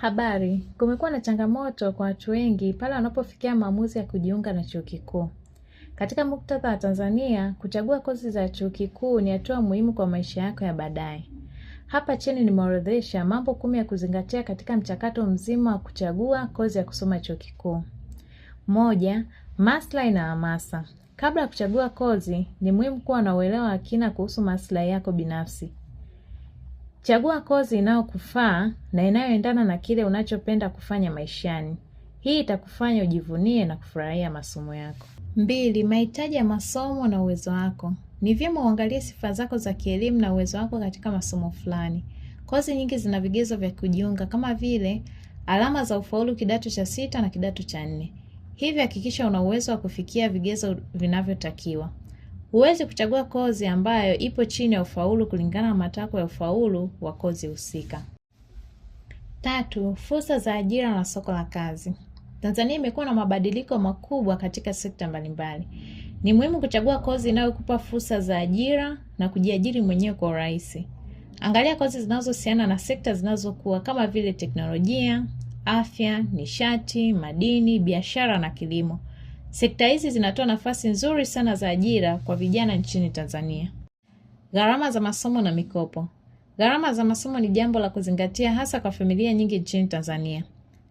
Habari. Kumekuwa na changamoto kwa watu wengi pale wanapofikia maamuzi ya kujiunga na chuo kikuu. Katika muktadha wa Tanzania, kuchagua kozi za chuo kikuu ni hatua muhimu kwa maisha yako ya baadaye. Hapa chini nimeorodhesha mambo kumi ya kuzingatia katika mchakato mzima wa kuchagua kozi ya kusoma chuo kikuu. Moja, maslahi na hamasa. Kabla ya kuchagua kozi, ni muhimu kuwa na uelewa wa kina kuhusu maslahi yako binafsi. Chagua kozi inayokufaa na inayoendana na kile unachopenda kufanya maishani. Hii itakufanya ujivunie na kufurahia masomo yako. Mbili, mahitaji ya masomo na uwezo wako. Ni vyema uangalie sifa zako za kielimu na uwezo wako katika masomo fulani. Kozi nyingi zina vigezo vya kujiunga kama vile alama za ufaulu kidato cha sita na kidato cha nne. Hivyo hakikisha una uwezo wa kufikia vigezo vinavyotakiwa. Huwezi kuchagua kozi ambayo ipo chini ya ufaulu kulingana na matakwa ya ufaulu wa kozi husika. Tatu, fursa za ajira na soko la kazi. Tanzania imekuwa na mabadiliko makubwa katika sekta mbalimbali. Ni muhimu kuchagua kozi inayokupa fursa za ajira na kujiajiri mwenyewe kwa urahisi. Angalia kozi zinazohusiana na sekta zinazokuwa kama vile teknolojia, afya, nishati, madini, biashara na kilimo. Sekta hizi zinatoa nafasi nzuri sana za ajira kwa vijana nchini Tanzania. Gharama za masomo na mikopo. Gharama za masomo ni jambo la kuzingatia hasa kwa familia nyingi nchini Tanzania.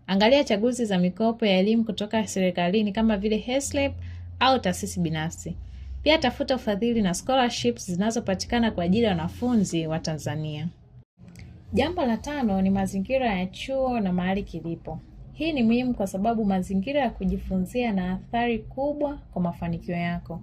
Angalia chaguzi za mikopo ya elimu kutoka serikalini kama vile HESLEP au taasisi binafsi. Pia tafuta ufadhili na scholarships zinazopatikana kwa ajili ya wanafunzi wa Tanzania. Jambo la tano ni mazingira ya chuo na mahali kilipo. Hii ni muhimu kwa sababu mazingira ya kujifunzia na athari kubwa kwa mafanikio yako.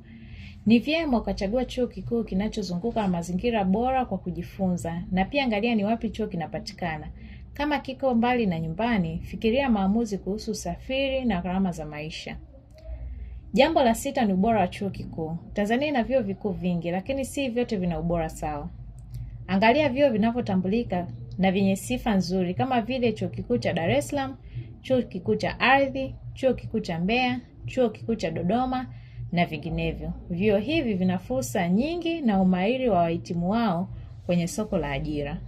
Ni vyema ukachagua chuo kikuu kinachozunguka na mazingira bora kwa kujifunza, na pia angalia ni wapi chuo kinapatikana. Kama kiko mbali na nyumbani, fikiria maamuzi kuhusu usafiri na gharama za maisha. Jambo la sita ni ubora wa chuo kikuu. Tanzania ina vyuo vikuu vingi, lakini si vyote vina ubora sawa. Angalia vyuo vinavyotambulika na vyenye sifa nzuri kama vile chuo kikuu cha Dar es Salaam chuo kikuu cha Ardhi, chuo kikuu cha Mbeya, chuo kikuu cha Dodoma na vinginevyo. Vyuo hivi vina fursa nyingi na umahiri wa wahitimu wao kwenye soko la ajira.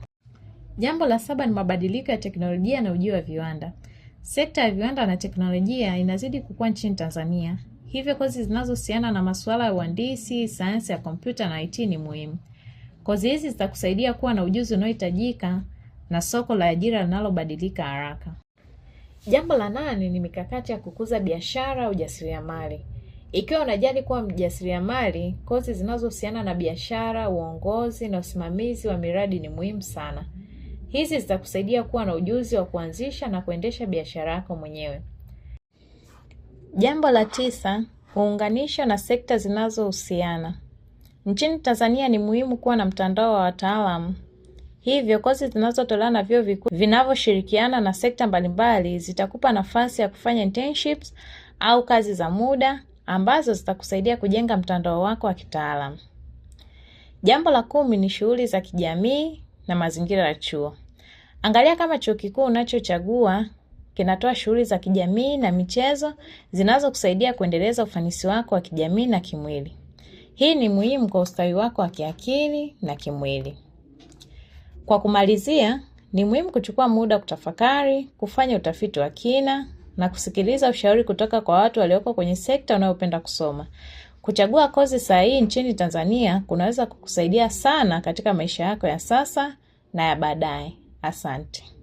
Jambo la saba ni mabadiliko ya teknolojia na ujio wa viwanda. Sekta ya viwanda na teknolojia inazidi kukua nchini Tanzania, hivyo kozi zinazohusiana na masuala ya uhandisi, sayansi ya kompyuta na IT ni muhimu. Kozi hizi zitakusaidia kuwa na ujuzi unaohitajika na soko la ajira linalobadilika haraka. Jambo la nane ni mikakati ya kukuza biashara au ujasiriamali. Ikiwa unajali kuwa mjasiriamali, kozi zinazohusiana na biashara, uongozi na usimamizi wa miradi ni muhimu sana. Hizi zitakusaidia kuwa na ujuzi wa kuanzisha na kuendesha biashara yako mwenyewe. Jambo la tisa, huunganisho na sekta zinazohusiana. Nchini Tanzania ni muhimu kuwa na mtandao wa wataalamu Hivyo kozi zinazotolewa na vyuo vikuu vinavyoshirikiana na sekta mbalimbali zitakupa nafasi ya kufanya internships au kazi za muda ambazo zitakusaidia kujenga mtandao wako wa kitaalamu. Jambo la kumi ni shughuli za kijamii na mazingira ya chuo. Angalia kama chuo kikuu unachochagua kinatoa shughuli za kijamii na michezo zinazokusaidia kuendeleza ufanisi wako wa kijamii na kimwili. Hii ni muhimu kwa ustawi wako wa kiakili na kimwili. Kwa kumalizia, ni muhimu kuchukua muda kutafakari, kufanya utafiti wa kina na kusikiliza ushauri kutoka kwa watu walioko kwenye sekta unayopenda kusoma. Kuchagua kozi sahihi nchini Tanzania kunaweza kukusaidia sana katika maisha yako ya sasa na ya baadaye. Asante.